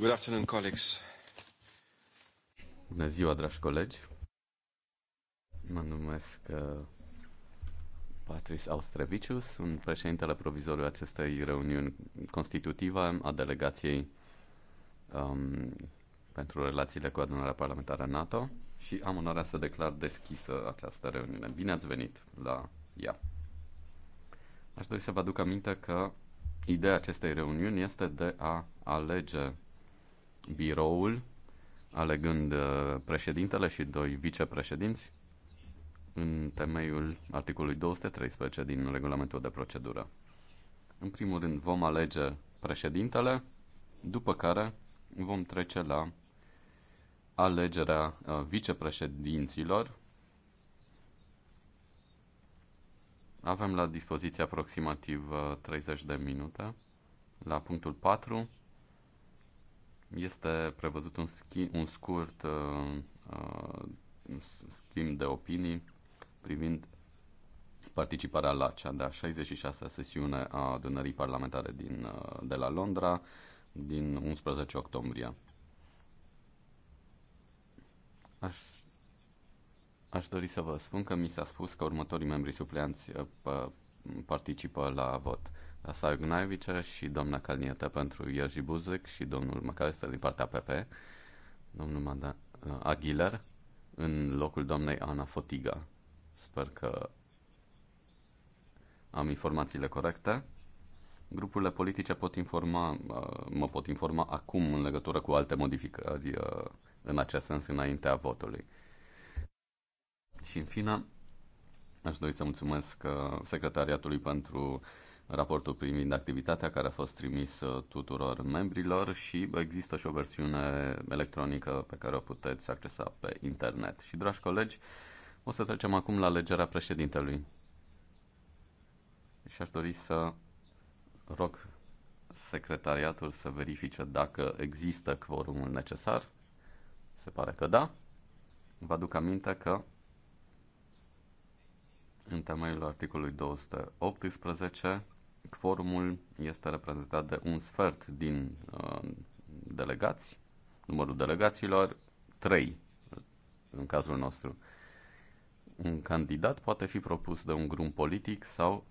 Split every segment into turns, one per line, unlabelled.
Good afternoon, colleagues.
Bună ziua, dragi colegi. Mă numesc uh, Patrice Austreviciu, sunt președintele provizoriu acestei reuniuni constitutive a delegației um, pentru relațiile cu adunarea parlamentară NATO și am onoarea să declar deschisă această reuniune. Bine ați venit la ea. Aș dori să vă aduc aminte că ideea acestei reuniuni este de a alege biroul, alegând uh, președintele și doi vicepreședinți, în temeiul articolului 213 din regulamentul de procedură. În primul rând vom alege președintele, după care vom trece la alegerea uh, vicepreședinților. Avem la dispoziție aproximativ 30 uh, de minute. La punctul 4 este prevăzut un, schi- un scurt uh, uh, schimb de opinii privind participarea la cea de-a 66-a sesiune a adunării parlamentare din, uh, de la Londra din 11 octombrie. Aș, aș dori să vă spun că mi s-a spus că următorii membri supleanți uh, participă la vot. Sargnaivice și doamna Calnietă pentru Iergi Buzic și domnul McAllister din partea PP, domnul Manda, uh, Aguilar, în locul doamnei Ana Fotiga. Sper că am informațiile corecte. Grupurile politice pot informa, uh, mă pot informa acum în legătură cu alte modificări uh, în acest sens înaintea votului. Și în fine, aș dori să mulțumesc secretariatului pentru uh, raportul privind activitatea care a fost trimis uh, tuturor membrilor și există și o versiune electronică pe care o puteți accesa pe internet. Și, dragi colegi, o să trecem acum la alegerea președintelui. Și aș dori să rog secretariatul să verifice dacă există quorumul necesar. Se pare că da. Vă aduc aminte că în temeiul articolului 218 Forumul este reprezentat de un sfert din uh, delegați, numărul delegaților trei în cazul nostru. Un candidat poate fi propus de un grup politic sau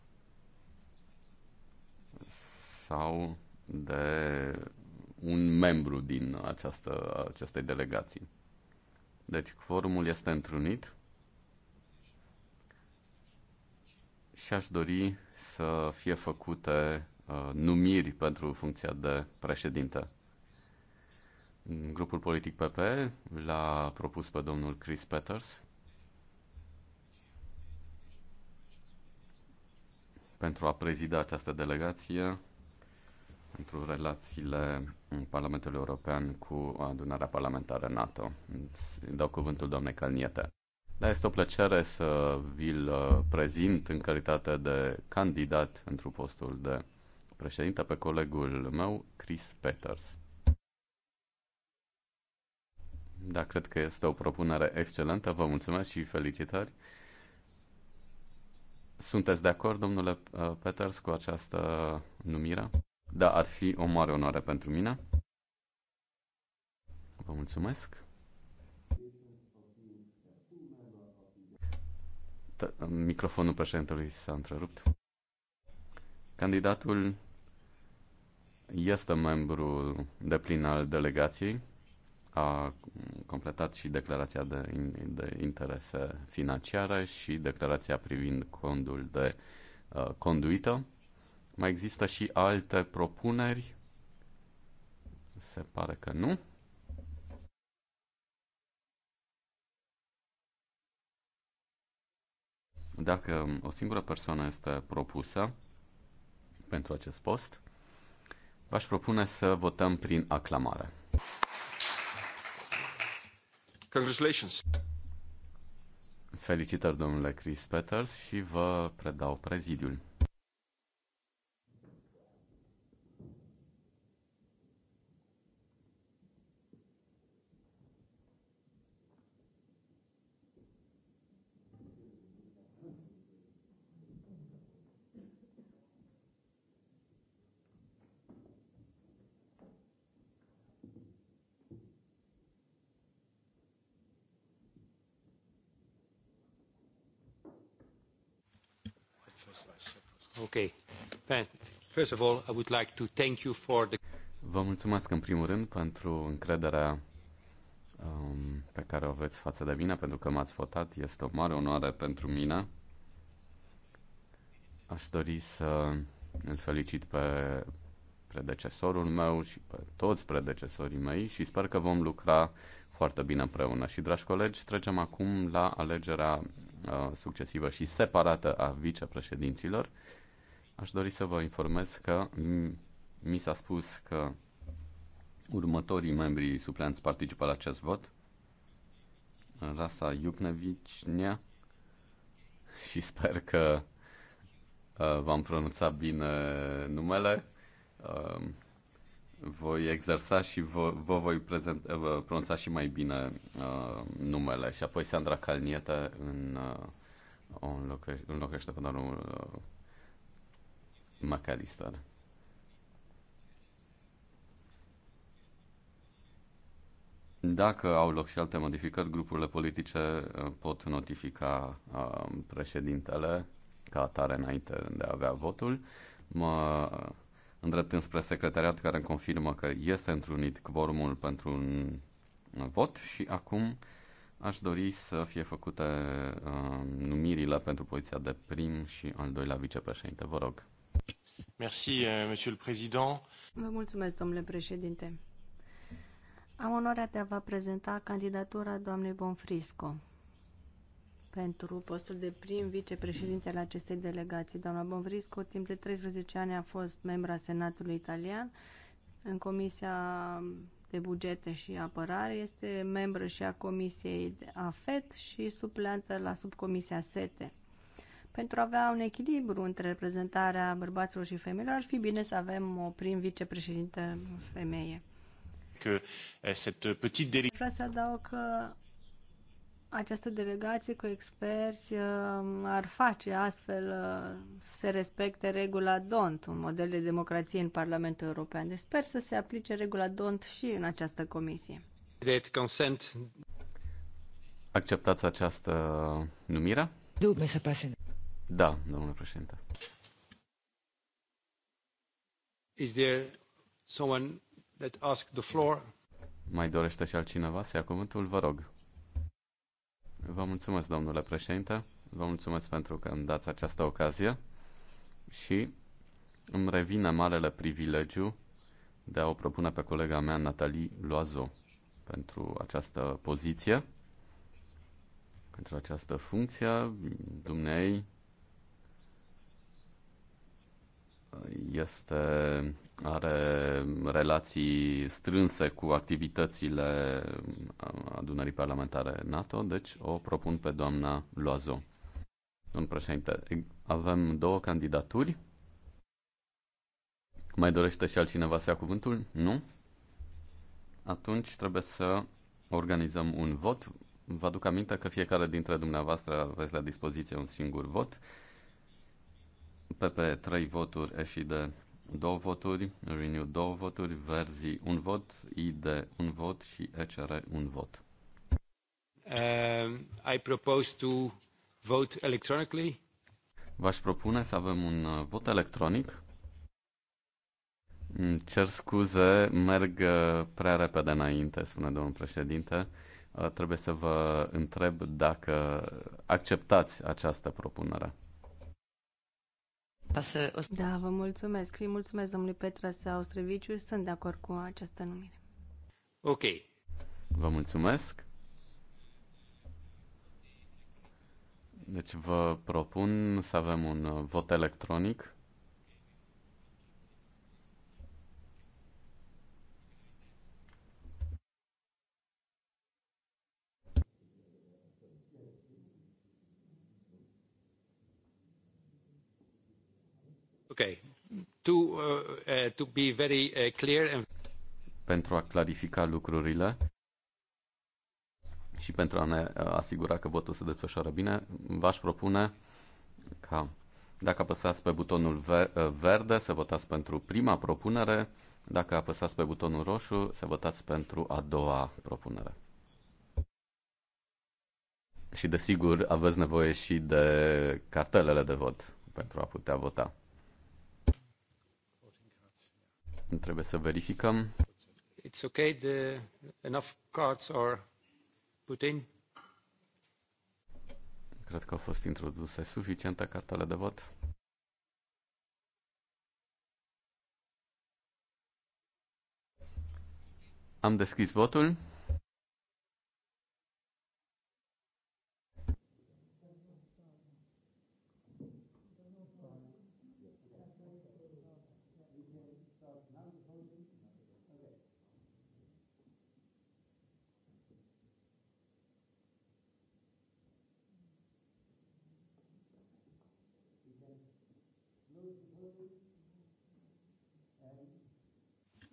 sau de un membru din această, acestei delegații. Deci, forumul este întrunit și aș dori să fie făcute uh, numiri pentru funcția de președinte. Grupul politic PP l-a propus pe domnul Chris Peters pentru a prezida această delegație pentru relațiile Parlamentului European cu adunarea parlamentară NATO. dau cuvântul doamnei Calniete. Da, este o plăcere să vi-l uh, prezint în calitate de candidat pentru postul de președinte pe colegul meu, Chris Peters. Da, cred că este o propunere excelentă. Vă mulțumesc și felicitări. Sunteți de acord, domnule uh, Peters, cu această numire? Da, ar fi o mare onoare pentru mine. Vă mulțumesc. Microfonul președintelui s-a întrerupt. Candidatul este membru de plin al delegației, a completat și declarația de, de interese financiare și declarația privind condul de uh, conduită. Mai există și alte propuneri? Se pare că nu. Dacă o singură persoană este propusă pentru acest post, v-aș propune să votăm prin aclamare.
Congratulations!
Felicitări, domnule Chris Peters, și vă predau prezidiul.
Ok. First of all, I would like to thank you for the... Vă
mulțumesc în primul rând pentru încrederea um, pe care o aveți față de mine, pentru că m-ați votat. Este o mare onoare pentru mine. Aș dori să îl felicit pe predecesorul meu și pe toți predecesorii mei și sper că vom lucra foarte bine împreună. Și, dragi colegi, trecem acum la alegerea Uh, succesivă și separată a vicepreședinților, aș dori să vă informez că mi s-a spus că următorii membri supleanți participă la acest vot. Rasa Iupnevicnea și sper că uh, v-am pronunțat bine numele. Uh, voi exersa și vă, vă voi prezenta, vă pronunța și mai bine uh, numele. Și apoi Sandra Calnietă în, uh, o înlocuie, pe domnul uh, Macalister. Dacă au loc și alte modificări, grupurile politice uh, pot notifica uh, președintele ca atare înainte de a avea votul. Mă îndreptând spre secretariat care confirmă că este întrunit quorumul pentru un vot și acum aș dori să fie făcute uh, numirile pentru poziția de prim și al doilea vicepreședinte. Vă rog.
Merci, uh, monsieur le président.
Vă mulțumesc, domnule președinte. Am onoarea de a vă prezenta candidatura doamnei Bonfrisco pentru postul de prim vicepreședinte al acestei delegații. Doamna Bonvrisco, timp de 13 ani a fost membra Senatului Italian în Comisia de Bugete și Apărare, este membră și a Comisiei AFET și supleantă la subcomisia SETE. Pentru a avea un echilibru între reprezentarea bărbaților și femeilor, ar fi bine să avem o prim vicepreședinte femeie. Că, eh, cette petite Vreau să adaug că această delegație cu experți uh, ar face astfel uh, să se respecte regula DONT, un model de democrație în Parlamentul European. Deci sper să se aplice regula DONT și în această comisie.
consent,
Acceptați această numire? Da, domnule președinte.
Is there someone that asked the floor?
Mai dorește și altcineva să ia cuvântul? Vă rog. Vă mulțumesc, domnule președinte. Vă mulțumesc pentru că îmi dați această ocazie și îmi revine marele privilegiu de a o propune pe colega mea, Natalie Loazo, pentru această poziție, pentru această funcție. Dumnei este, are relații strânse cu activitățile adunării parlamentare NATO, deci o propun pe doamna Loazo. Domnul președinte, avem două candidaturi. Mai dorește și altcineva să ia cuvântul? Nu? Atunci trebuie să organizăm un vot. Vă aduc aminte că fiecare dintre dumneavoastră aveți la dispoziție un singur vot. PP 3 voturi, FID 2 voturi, Renew 2 voturi, Verzi 1 vot, ID 1 vot și ECR 1 vot. Uh,
I propose to vote electronically.
V-aș propune să avem un uh, vot electronic. Mm, cer scuze, merg uh, prea repede înainte, spune domnul președinte. Uh, trebuie să vă întreb dacă acceptați această propunere.
Da, vă mulțumesc. Îi mulțumesc domnului Petra Austreviciu. Sunt de acord cu această numire.
Ok.
Vă mulțumesc. Deci vă propun să avem un vot electronic.
Uh, uh, to be very uh, clear and...
Pentru a clarifica lucrurile și pentru a ne asigura că votul se desfășoară bine, v-aș propune ca dacă apăsați pe butonul verde, să votați pentru prima propunere, dacă apăsați pe butonul roșu, să votați pentru a doua propunere. Și desigur, aveți nevoie și de cartelele de vot pentru a putea vota. Trebuie să verificăm.
It's okay, the, enough cards are put in.
Cred că au fost introduse suficiente cartele de vot. Am deschis votul.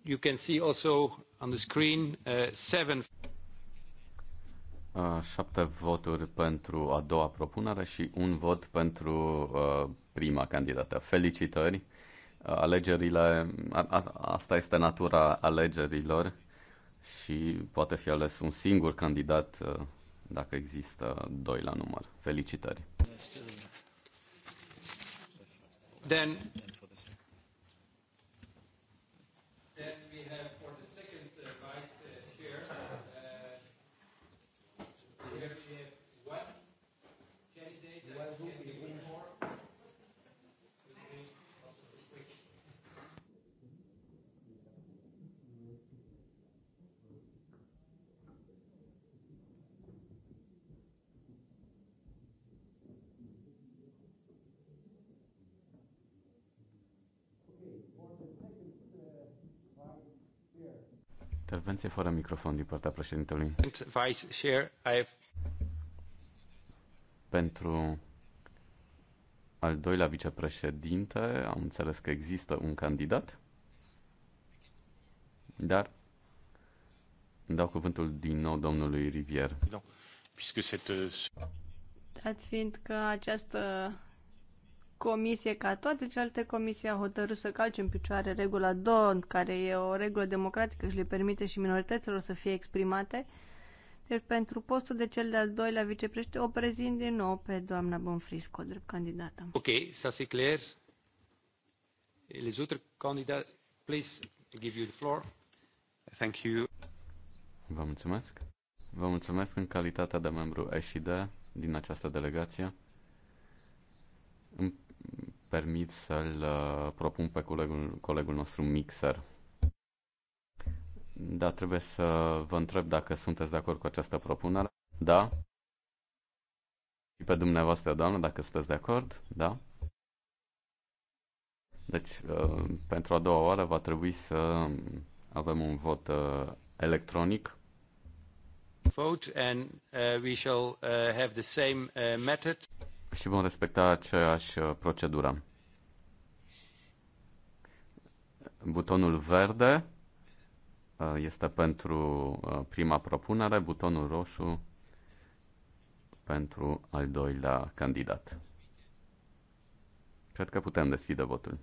you can see also on the screen uh, seven.
Uh, șapte voturi pentru a doua propunere și un vot pentru uh, prima candidată. Felicitări! Uh, alegerile, a, a, asta este natura alegerilor și poate fi ales un singur candidat uh, dacă există doi la număr. Felicitări! Then Intervenție fără microfon din partea președintelui.
Vice Chair, I've...
Pentru al doilea vicepreședinte, am înțeles că există un candidat, dar îmi dau cuvântul din nou domnului Rivier.
Dați fiind că această comisie, ca toate celelalte comisii, a hotărât să calce în picioare regula don, care e o regulă democratică și le permite și minorităților să fie exprimate. Deci pentru postul de cel de-al doilea vicepreședinte o prezint din nou pe doamna Bonfrisco, drept candidată.
Ok, să se clair. Les autres candidats, please, give you the floor.
Thank you.
Vă mulțumesc. Vă mulțumesc în calitatea de membru ESHIDE din această delegație permit să-l uh, propun pe colegul, colegul nostru Mixer. Da, trebuie să vă întreb dacă sunteți de acord cu această propunere. Da? Și pe dumneavoastră, doamnă, dacă sunteți de acord? Da? Deci, uh, pentru a doua oară va trebui să avem un vot uh, electronic.
Vote and uh, we shall uh, have the same uh, method
și vom respecta aceeași uh, procedură. Butonul verde uh, este pentru uh, prima propunere, butonul roșu pentru al doilea candidat. Cred că putem deschide votul.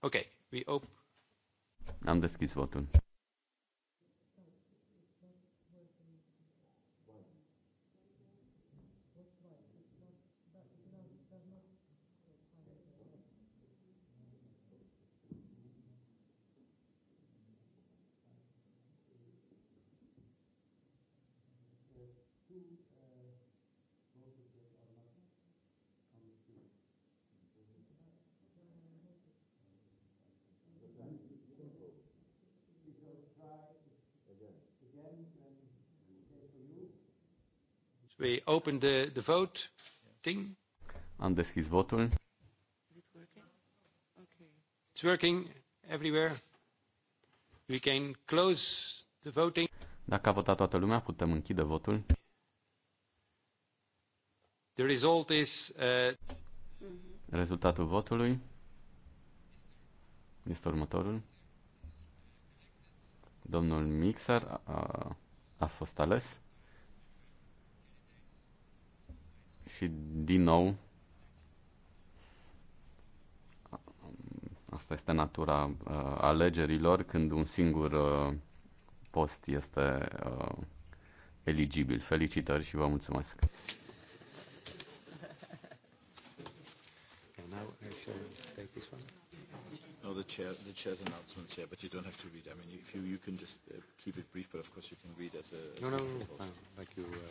Ok, we op-
Am deschis votul.
We open the, the vote. Ding.
Am deschis votul. Is it working?
Okay. It's working everywhere. We can close the voting.
Dacă a votat toată lumea, putem închide votul.
The result is, uh...
Rezultatul votului este următorul. Domnul Mixer a, a fost ales și din nou asta este natura uh, alegerilor când un singur uh, post este uh, eligibil. Felicitări și vă mulțumesc!
Shall I take this one? No, the chair, the chair's announcements, yeah, but you don't have to read. I mean, if you, you can just uh, keep it brief, but of course you can read as a... As no, no, no, no, like you... Uh,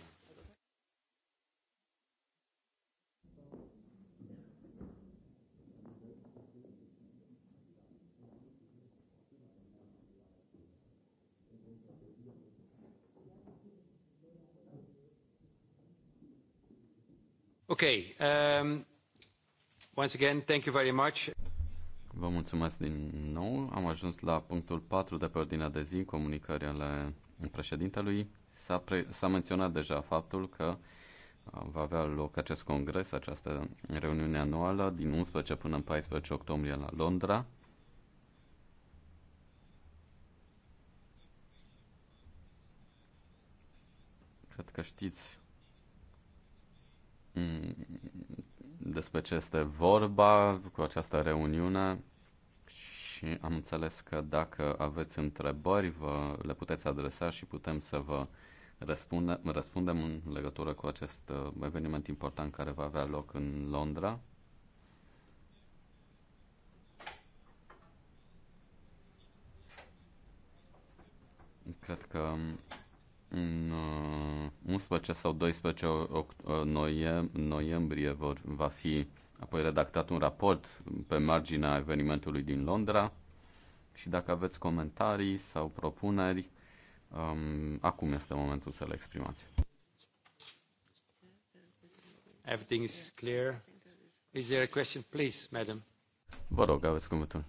Okay, um, Vă
mulțumesc din nou. Am ajuns la punctul 4 de pe ordinea de zi, comunicări ale președintelui. S-a, pre- s-a menționat deja faptul că uh, va avea loc acest congres, această reuniune anuală din 11 până în 14 octombrie la Londra. Cred că știți despre ce este vorba cu această reuniune și am înțeles că dacă aveți întrebări, vă le puteți adresa și putem să vă răspunde, răspundem în legătură cu acest uh, eveniment important care va avea loc în Londra. Cred că um, în 11 uh, sau 12 uh, noiembrie vor, va fi apoi redactat un raport pe marginea evenimentului din Londra și dacă aveți comentarii sau propuneri, um, acum este momentul să le exprimați.
Everything is clear. Is there a question, please, madam?
Vă rog, aveți cuvântul.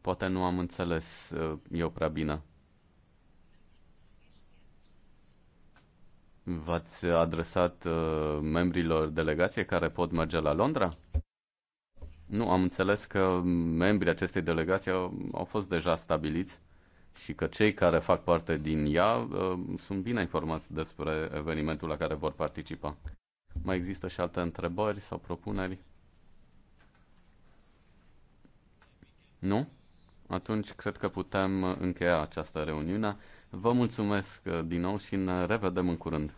Poate nu am înțeles uh, eu prea bine. V-ați adresat uh, membrilor delegației care pot merge la Londra? Nu, am înțeles că membrii acestei delegații au, au fost deja stabiliți și că cei care fac parte din ea uh, sunt bine informați despre evenimentul la care vor participa. Mai există și alte întrebări sau propuneri? Nu? atunci cred că putem încheia această reuniune. Vă mulțumesc uh, din nou și ne revedem în curând.